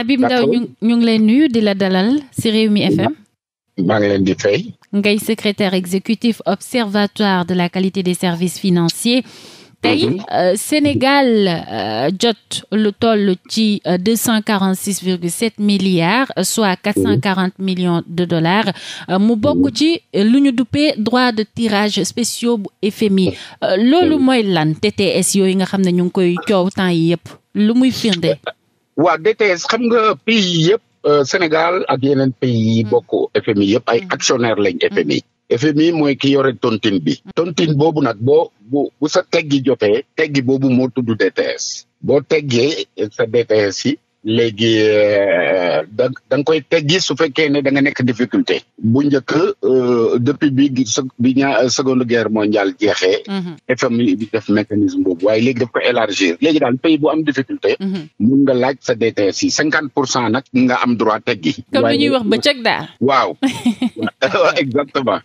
Habib Ndao ñu ngi leen nuyu di la dalal ci Rewmi FM mm-hmm. maa ngi leen di fay ngay secrétaire exécutif observatoire de la qualité des services financiers tey mm-hmm. euh, Sénégal euh, jot lu toll ci euh, deux cent quarante six virgule sept milliards soit quatre cent quarante mm-hmm. millions de dollars mu bokk ci lu ñu duppee droit de tirage spéciaux bu FMI loolu mooy lan TTS yooyu nga xam ne ñu ngi koy coow temps yi yëpp lu muy firnde waa DTS xam nga pays yëpp euh, Sénégal ak yeneen pays mm. bokk FMI yëpp ay mm. actionnaire lañ FMI mm. FMI mooy ki yore tontine bi tontine boobu nag boo bu bu sa teggi jotee teggi boobu moo tudd DTS boo teggee sa DTS yi léegi euh, da da nga koy teggi su fekkee ne da nga nekk difficulté. bu njëkk euh, depuis bi bi ñaa euh, seconde guerre mondiale jeexee. Mhm. FMI bi def mécanisme boobu waaye léegi daf ko élargir léegi daal pays bu am difficulté. Mhm. mun nga laaj sa DTS yi cinquante pour cent nag nga am droit teggi. comme li ñuy wax ba bëccëg daal. waaw exactement.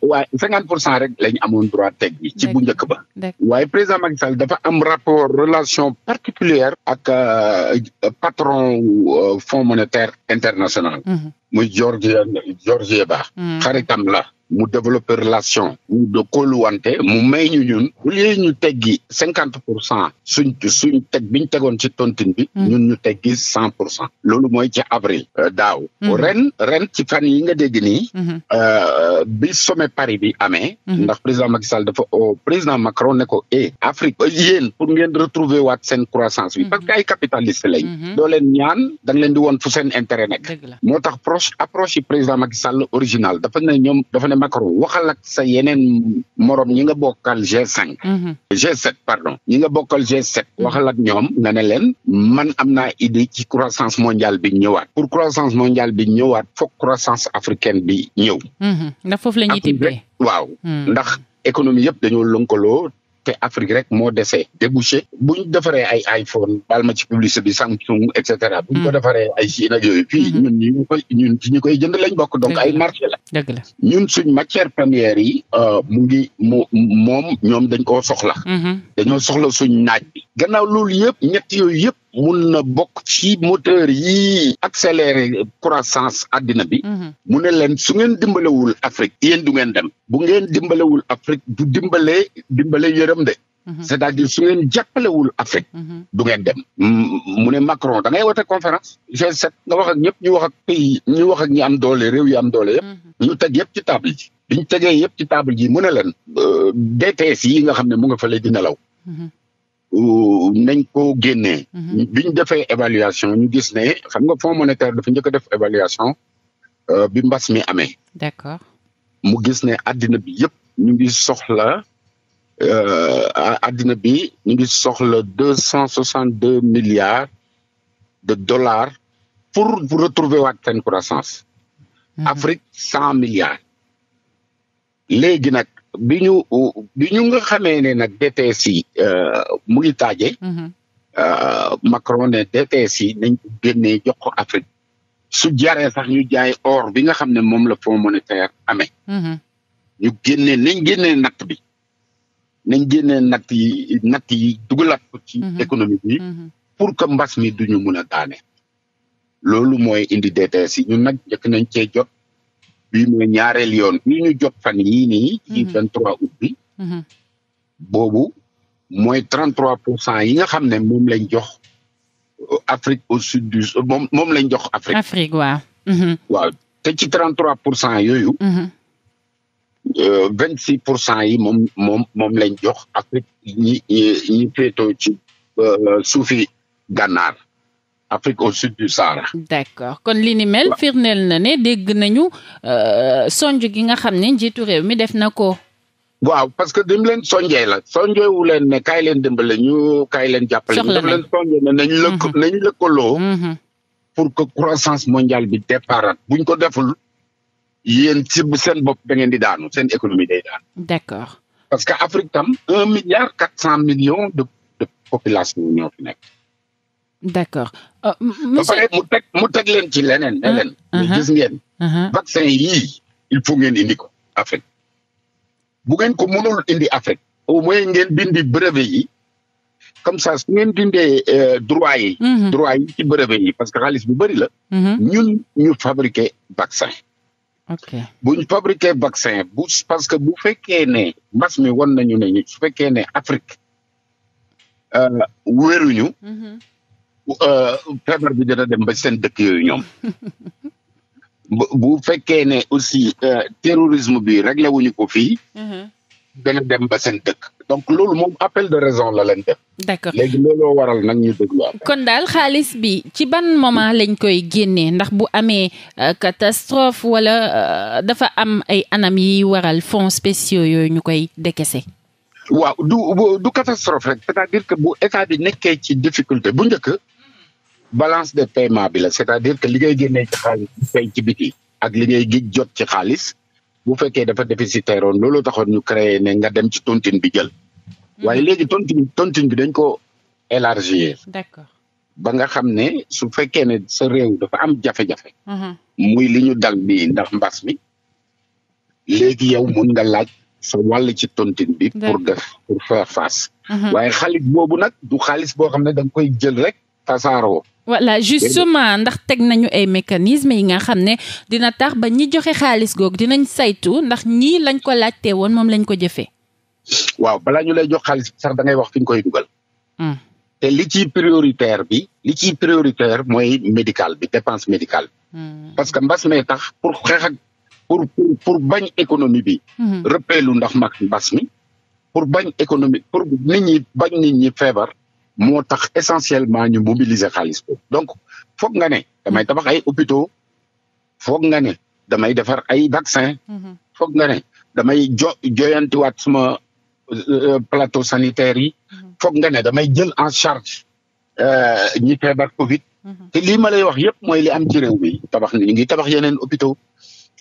waaye cinquante pour cent rek lañ amoon droit teggi ci bu njëkk ba. waaye président Macky Sall dafa am rapport relation particulière ak. Euh, patron euh, Fonds monétaire international. Mm-hmm. muy Georges mm-hmm. la. mu développer relation de kóoluwante mu may ñu ñun au lieu ñu teggi cinquante pour cent suñ suñ teg bi ñu tegoon ci tontine bi hmm. ñun ñu teggi cent pour cent loolu mooy ci avril euh, daaw hmm. ren ren ci fan yi nga dégg nii hmm. euh, bi sommet Paris bi amee ndax président Macky dafa o oh, président Macron ne ko e Afrique euh, yéen pour ngeen retrouver waat seen croissance bi parce que ay capitaliste lañ ñaan da nga leen fu seen intérêt moo tax proche président Macky original dafa ne ñoom dafa ne Macron waxal ak sa yeneen morom ñi nga bokkal G5. Mhm. G7 pardon ñi nga bokkal G7 mhm. waxal ak ñoom nga ne leen man am naa idée ci croissance mondiale bi ñëwaat pour croissance mondiale bi ñëwaat foog croissance africaine bi ñëw. Mhm. ndax foofu la ñuy tibbee waaw ndax économie yëpp dañoo lënkaloo. te Afrique rek moo dese débouché buñ defaree ay iPhone baal ma ci publicité bi Samsung et cetera buñ ko dëgg la ñun suñ matière première yi euh, mu ngi mu moom ñoom dañ ko soxla mm-hmm. dañoo soxla suñ naaj bi gannaaw loolu yëpp ñett yooyu yëpp mun na bokk ci moteur yi accéléré croissance addina bi mm-hmm. mu ne leen su ngeen dimbalewul Afrique yéen du ngeen dem bu ngeen dimbalewul Afrique du dimbale dimbale yërëm de Mm-hmm. c'est-à-dire su ngeen jàppalewul Afrique. Mm-hmm. du ngeen dem. mu Macron da ngay woote conférence G7 nga wax ak ñëpp ñu wax ak pays ñu wax ak ñi am doole réew yi am doole yëpp. Mm-hmm. ñu teg yëpp ci table ji. biñ tegee mu ne leen. Euh, DTS yi nga xam ne mu nga fële di nelaw. nañ ko génnee. biñ defee évaluation ñu gis xam nga Fonds monétaire dafa njëkk a def évaluation euh, bi mbas mi amee. d'accord mu gis ne bi yëpp ñu ngi soxla. Euh, addina bi ñu ngi soxla deux cent soixante deux milliards de dollars pour pour retrouver waat seen croissance mhm. Afrique cent milliards léegi nag bi ñu bi ñu nga xamee ne nag DTS yi euh, mu ngi taaje mhm. euh, Macron ne DTS yi nañ ko génnee Afrique su jaree sax ñu jaay or bi nga xam ne moom la Fonds monétaire amee mhm. ñu génnee nañ génne natt bi nañ génnee natt yi natt yi dugalaat ko ci mhm. économie bi mhm. pour que mbas mi duñu mun a daane loolu mooy indi DTS yi ñun nag njëkk nañ cee jot bii mooy ñaareel yoon bii ñu jot fan yii nii ci mhm. vingt trois mooy trente cent yi nga xam ne moom lañ jox euh, Afrique au sud moom lañ jox Afrique Afrique waaw te ci trente trois pour cent yooyu vingt six pour cent yi moom moom moom lañ jox ak ñi ñi féetoo ci euh, suufi gànnaar Afrique au sud du Sahara. d'accord kon li ni mel. firndeel na ne dégg nañu euh, sonj gi nga xam ne njiitu réew mi def na ko. waaw parce que dim leen sonjee la sonjeewu leen ne kaay leen dimbale ñu kaay leen jàppale. soxla leen sonjee ne nañ lëkk mhm. nañ lëkkaloo. Mhm. pour que croissance mondiale bi déparate buñ ko deful. yéen ci seen bopp da ngeen di daanu seen économie day daanu. d'accord parce que Afrique tam un milliard quatre cent millions de de population ñoo fi euh, mu teg leen ci leneen. ne ah, leen ah, gis ah. ngeen. vaccin yii il faut ngeen indi ko Afrique. bu ngeen ko mënul indi Afrique. au moins ngeen dindi brevet yi. comme ça su ngeen dindee euh, droit yi. Mm-hmm. droit yi ci brevet yi parce que xaalis bu bëri la. Mm-hmm. ñun ñu fabriquer vaccin. ok bu ñu fabriqué vaccin bu parce que bu fekkee ne mbas mi won nañu ne su fekkee ne Afrique euh, wéruñu. Mhm. Euh, feebar bi dina dem ba seen dëkk yooyu ñoom. bu fekkee ne aussi euh, terrorisme bi réglé wuñu ko fii. Mhm. dana dem ba seen dëkk donc loolu moom appel de raison la leen def d'accord léegi looloo waral nag ñu déglu am kon daal xaalis bi ci ban moment lañ koy génnee ndax bu amee euh, catastrophe wala euh, dafa am ay anam yiy waral fonds spéciaux yooyu ñu koy décaisser waaw du du catastrophe rek c'est-à-dire que bu état bi nekkee ci difficulté bu njëkk balance de paiement bi la c'est-à-dire que li ngay génnee ci xaalis fay ci biti ak li ngay gi jot ci xaalis bu fekkee dafa déficitaire woon loolu taxoon ñu créé ne nga dem ci tontine bi jël. Mhm. waaye léegi tontine tontine bi dañ ko élargir. d'accord ba nga xam ne su fekkee ne sa réew dafa am jafe-jafe. Mhm. muy li ñu dal bi ndax mbas mi. léegi yow mun nga laaj so wàll ci tontine bi. pour def pour faire face. Mhm. waaye xaalis boobu nag du xaalis boo xam ne danga koy jël rek tasaaroo. voilà justement ndax teg nañu ay mécanismes yi nga xam ne dina tax ba ñi joxe xaalis googu dinañ saytu ndax ñii lañ ko laajtee woon moom lañ ko jëfee. waaw balaa ñu lay jox xaalis sax da ngay wax fi ñu koy dugal. Hmm. te li ci prioritaire bi. li ci prioritaire mooy médical bi dépense médicale. Hmm. parce que mbas mee tax pour xeex pour pour bañ économie bi. Hmm. rëppeelu ndax mag mbas mi. pour bañ économie pour nit ñi bañ nit ñi feebar. moo tax essentiellement ñu mobiliser xaalis boobu donc foog nga ne damay tabax ay hôpitaux foog nga ne damay defar ay vaccin mhm. foog nga ne damay jo joyantiwaat suma euh, euh, plateau sanitaire yi mhm. foog nga ne damay jël en charge euh, ñi feebar Covid mhm. te lii ma lay wax yëpp mooy li am ci réew mi tabax ñu ngi tabax yeneen hôpitaux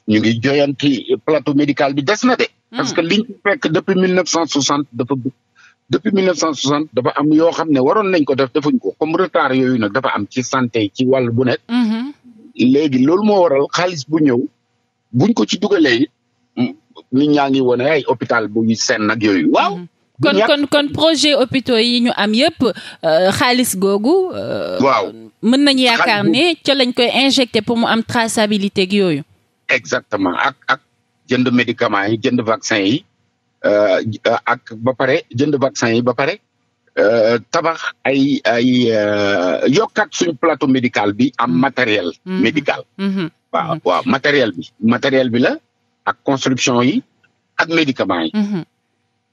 ñu ngi joyanti plateau médical bi des na de parce que liñ fekk depuis mille neuf cent soixante depuis cent 1960 dafa am yoo xam ne waroon nañ ko def defuñ ko comme retard yooyu nag dafa am ci santé ci wàll bu nekk. Mm-hmm. léegi loolu moo waral xaalis bu ñëw buñ ko ci dugalee mm, nit ñaa ngi wone ay hôpital bu seen nag yooyu waaw. Mm-hmm. kon kon kon projet hôpitaux yi ñu am yëpp euh, xaalis googu. Euh, waaw mën nañu yaakaar ne ca lañ koy injecté pour mu am traçabilité ak yooyu. exactement ak ak jënd médicament yi jënd vaccin yi Euh, euh, ak ba pare jënd vaccin yi ba euh, tabax ay ay yokkaat suñ plateau médical bi am mm. matériel mm-hmm. médical mm-hmm. Mm-hmm. waaw matériel bi matériel bi la ak construction yi ak médicament yi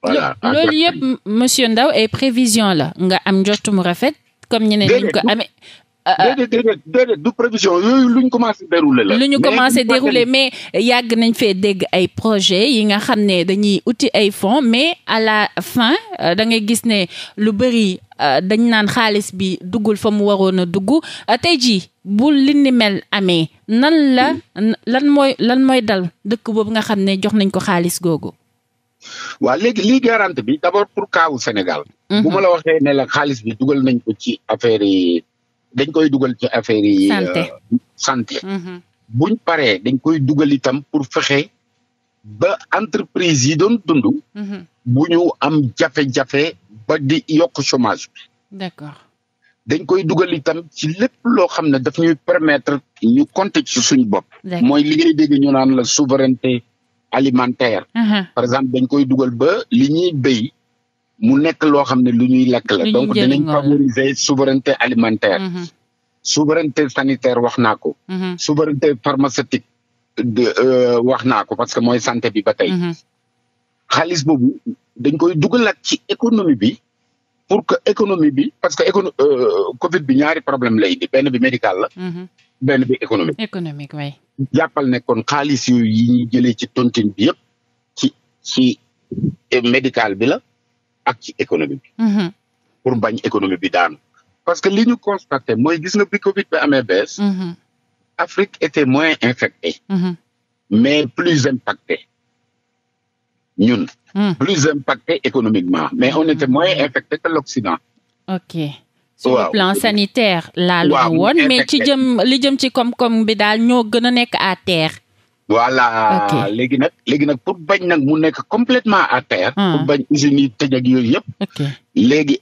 voilà loolu yëpp monsieur ay prévision la nga am njortu mu comme ñeneen ñu ko amee Euh, euh, déedéet déedéet déedéet du prévision lu ñu commencé dérouler la. lu ñu commencé dérouler mais yàgg nañ fee dégg ay projet yi nga xam ne dañuy uti ay fonds mais à la fin euh, da ngay gis ne lu bëri dañ naan xaalis bi duggul fa mu waroon a dugg tey jii bu li ni mel amee nan la lan mooy lan mooy dal dëkk boobu nga xam ne jox nañ ko xaalis googu. waaw lii garante bi d'abord pour kaawu senegal mhm. bu la waxee ne la xaalis bi dugal nañ ko ci affaire yi. dañ koy dugal ci affaire yi. santé euh, santé. Mm-hmm. buñ paree dañ koy dugal itam pour fexe ba entreprise yi doon dund. Mm-hmm. bu ñu am jafe-jafe ba di yokk chômage bi. dañ koy dugal itam ci lépp loo xam ne daf ñuy permettre ñu conte ci suñu bopp. mooy li dégg ñu naan la souveraineté alimentaire. Mm-hmm. par exemple dañ koy dugal ba li ñuy béy. mu nekk loo xam ne lu ñuy lakk la donc dinañ favoriser souveraineté alimentaire mm-hmm. souveraineté sanitaire wax naa ko mm-hmm. souveraineté pharmaceutique de euh, wax naa ko parce que mooy santé bi ba tey mm-hmm. xaalis boobu dañ koy dugalaat ci économie bi pour que économie bi parce que écono euh, Covid bi ñaari problème lay di benn bi médical la benn bi économique économique waay jàppal ne kon xaalis yi ñuy jëlee ci tontine bi yëpp ci ci euh, médical bi la ak ci économie mhm. pour bañ économie bi daanu. parce que li ñu constaté mooy gis nga bi Covid bi amee bees. Mhm. Afrique était moins infectée. Mhm. mais plus impactée ñun. plus impactée économiquement mais on était moins infecté que l'Occident. ok sur le plan sanitaire. laalu woon mais ci jëm li jëm ci koom-koom bi daal ñoo gën a nekk à terre. voilà léegi nag léegi nag pour bañ nag mu nekk complètement à terre. Hmm. pour bañ usines yi tëj yooyu yëpp. léegi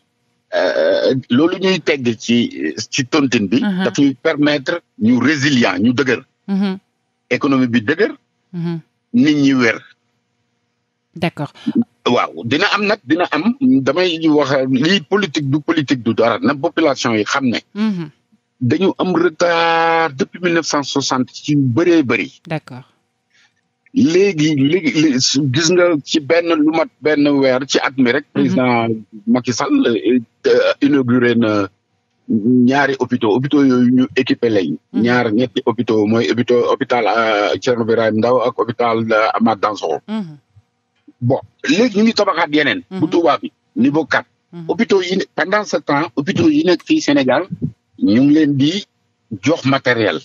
euh, loolu ñuy tegg ci ci tontine bi. Hmm. daf ñuy ñu résilient ñu dëgër. Hmm. économie bi dëgër. nit ñi wér. d'accord. waaw dina am nag dina am damay wax lii politique du politique du dara na population yi xam ne. dañu am retard depuis mille neuf cent soixante ci yu bëree bëri. d'accord léegi léegi gis nga ci benn lu mat benn weer ci at mi rek. Mhm. président Macky Sall euh, euh, inauguré na ñaari hôpitaux hôpitaux yooyu ñu équipé lañ. Mhm. ñaar ñetti hôpitaux mooy hôpitaux hôpital euh, Thierno Birahim Ndao ak hôpital Amath Dansokho. Mhm. bon léegi ñu ngi tabaxaat yeneen. bu Touba bi niveau quatre. hôpitaux yi pendant ce temps hôpitaux yi nekk fii Sénégal ñu ngi leen di jox matériel.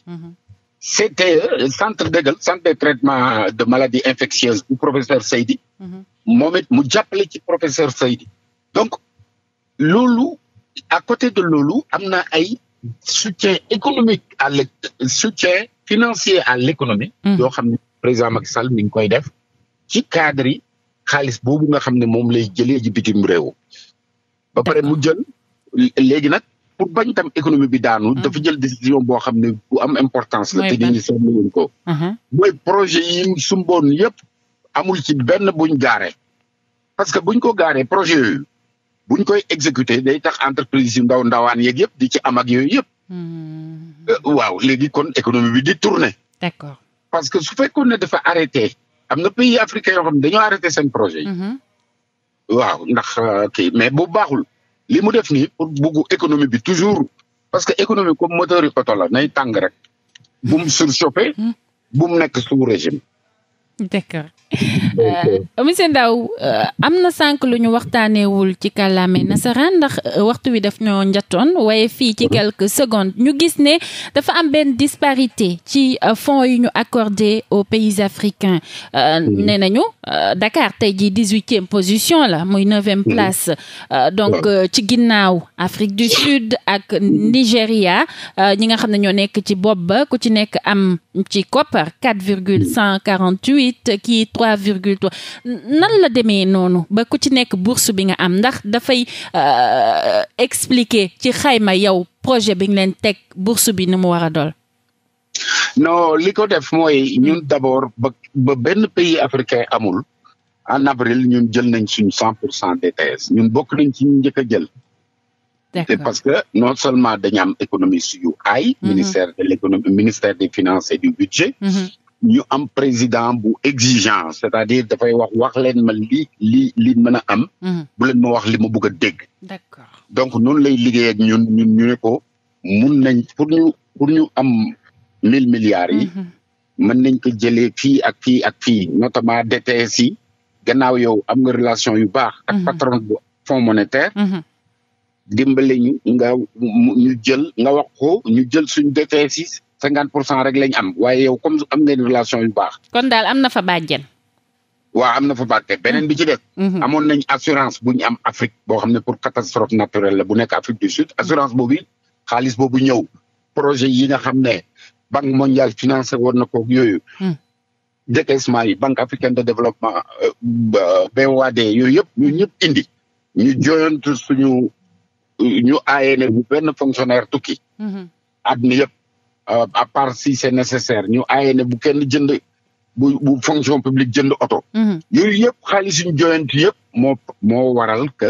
CTE euh, le centre centre de traitement de maladies infectieuses bu professeur Seydi mhm. moom mu jàppale ci professeur Seydi donc loolu à côté de loolu am na ay soutien économique à l' soutien financier à l' mhm. yoo xam ne président Macky Sall mi koy def ci cadre xaalis boobu nga xam ne moom lay jëlee ji bitim réew ba pare mu jël léegi nag pour bañ tam économie bi daanu. Mm-hmm. dafa jël décision boo xam ne bu am importance la. te nit ñi soxla ko. Mm-hmm. mooy projet yi mu sumboon yëpp amul ci benn buñ gaaree. parce que buñ ko gaaree projet buñ koy exécuter day tax entreprise yu ndaw ndawaan yeeg yëpp di ci am ak yooyu yëpp. Mm-hmm. Euh, waaw léegi kon économie bi di tourner. parce que su fekkoon ne dafa arrêté am na pays africain yoo xam ne dañoo arrêté seen projet yi. waaw ndax euh, kii mais bu baaxul. li mu def nii pour buggu économie bi toujours parce que économie comme moteur yi nay tàng rek bu mu surchauffé hmm. bu mu nekk sous régime d' accord euh, monsieur Ndao euh, am na sànq lu ñu waxtaaneewul ci kàllaame nasaraan ndax euh, waxtu wi daf ñoo njattoon waaye fii ci quelques secondes ñu gis ne dafa am benn disparité ci fonds yu ñu accordé aux pays africains mm. nee nañu Dakar tey jii dix-huitième position la muy neuvième mm. place donc ci ginnaaw Afrique du Sud ak Nigéria ñi nga xam ne ñoo nekk ci bopp ba ku ci nekk am ci koppar 18 kii 3,3 nan la demee noonu ba ku ci nekk bourse bi nga am ndax dafay euh, expliquer ci xayma yow projet bi nga leen teg bourse bi ni mu war a dool non li ko def mooy ñu hmm. d'abord ba ba benn pays africain amul en avril ñu jël nañ suñ cent pour cent bokk nañ ci ñu njëkk a jël c'est parce que non seulement dañu am économiste yu ay hmm. ministère de l'économie ministère des finances et du budget hmm. ñu am président bu exigeant c'est-à-dire dafay wax leen ma li li li mën a am. Mhm. bu leen ma wax li ma bëgg a dégg. d'accord donc noonu lay liggéey ñu ñun ñu ne ko mun nañ pour ñu pour ñu am mille milliards yi. Mhm. mën nañ ko jëlee fii ak fii ak fii notamment DTS gannaaw yow am nga relation yu baax. ak mhm. patron bu fonds monétaire. dimbale ñu jël nga wax ko ñu jël suñu DTS cinquante pour cent rek lañ am waaye yow comme am ngeen relation yu baax. kon daal am na fa bàjjen. waaw am na fa bàjjen mm-hmm. beneen bi ci def. Mm-hmm. amoon nañ assurance bu ñu am Afrique boo xam ne pour catastrophe naturelle bu nekk Afrique du Sud assurance boobu xaalis boobu ñëw projet yi na xam ne banque mondiale financé war na ko yooyu. Mm. décaissement yi banque africaine de développement euh, BOAD yooyu yëp ñu ñëpp indi. ñu joyantu suñu ñu aaye ne benn fonctionnaire tukki. Mm-hmm. àdduna a euh, part si c'est nécessaire ñu aaye bu ken jënd bu bu fonction publique jënd oto. Mhm. yooyu yëpp xaalis yu ñu joyant yëpp moo moo waral que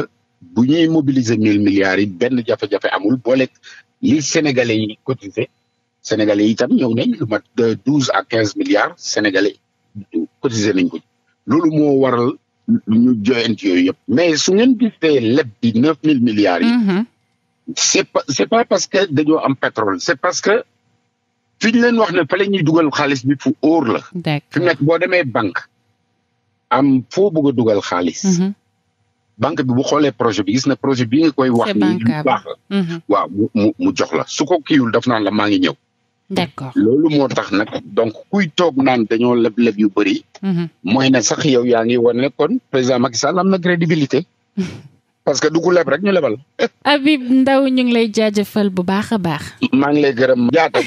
bu ñuy mobiliser mille milliards yi benn jafe-jafe amul boole li sénégalais yi cotisé sénégalais yi tam ñëw nañ lu mat de douze a quinze milliards sénégalais cotisé nañ ko loolu moo waral ñu joyant yooyu yëpp mais su ngeen gisee leb bi neuf mille milliards yi. Mhm. c'est pas pas que dañoo am pétrole c'est parce que. fi ñu leen wax ne fa la ñuy dugal xaalis bi fu óor la. fi mu nekk boo demee banque am foo bëgg a dugal xaalis. Mm-hmm. banque bi bu xoolee projet bi gis na projet bi nga koy wax ni lu mm-hmm. mu mu jox la su ko kiiwul daf naan la maa ngi ñëw d'accord loolu moo tax nag donc kuy toog naan dañoo leb-leb yu bëri mm-hmm. mooy ne sax yow yaa ngi wan ne kon président Macky Sall am na crédibilité parce que du ko leb rek ñu lebal Habib Ndao ñu ngi lay jaajëfal bu baax a baax maa ngi lay gërëm jaata